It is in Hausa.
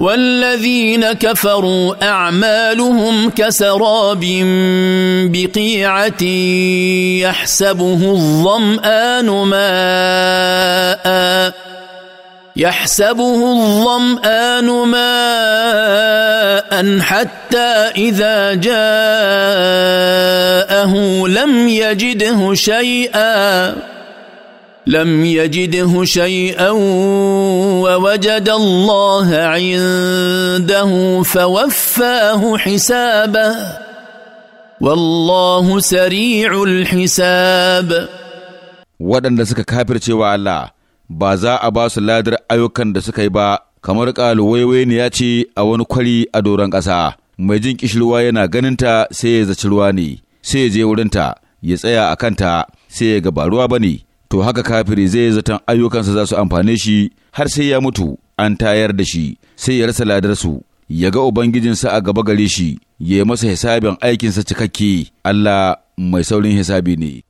والذين كفروا اعمالهم كسراب بقيعه يحسبه الظمان ماء يحسبه الظمان ماء حتى اذا جاءه لم يجده شيئا لم يجده شيئا ووجد الله عنده فوفاه حسابه والله سريع الحساب waɗanda suka kafirce wa Allah ba za a ba su ladar ayyukan da suka yi ba kamar ƙalu ne ya ce a wani kwari a doron ƙasa mai jin kishirwa yana ganinta sai ya zaci ruwa ne sai ya je wurinta ya tsaya a kanta sai ya gaba ruwa ba ne to haka kafiri zai zaton ayyukansa za su amfane shi har sai ya mutu an tayar da shi sai ya rasa ladarsu ya ga ubangijinsa a gaba gare shi ya yi masa hisabin aikinsa cikakke Allah mai saurin hisabi ne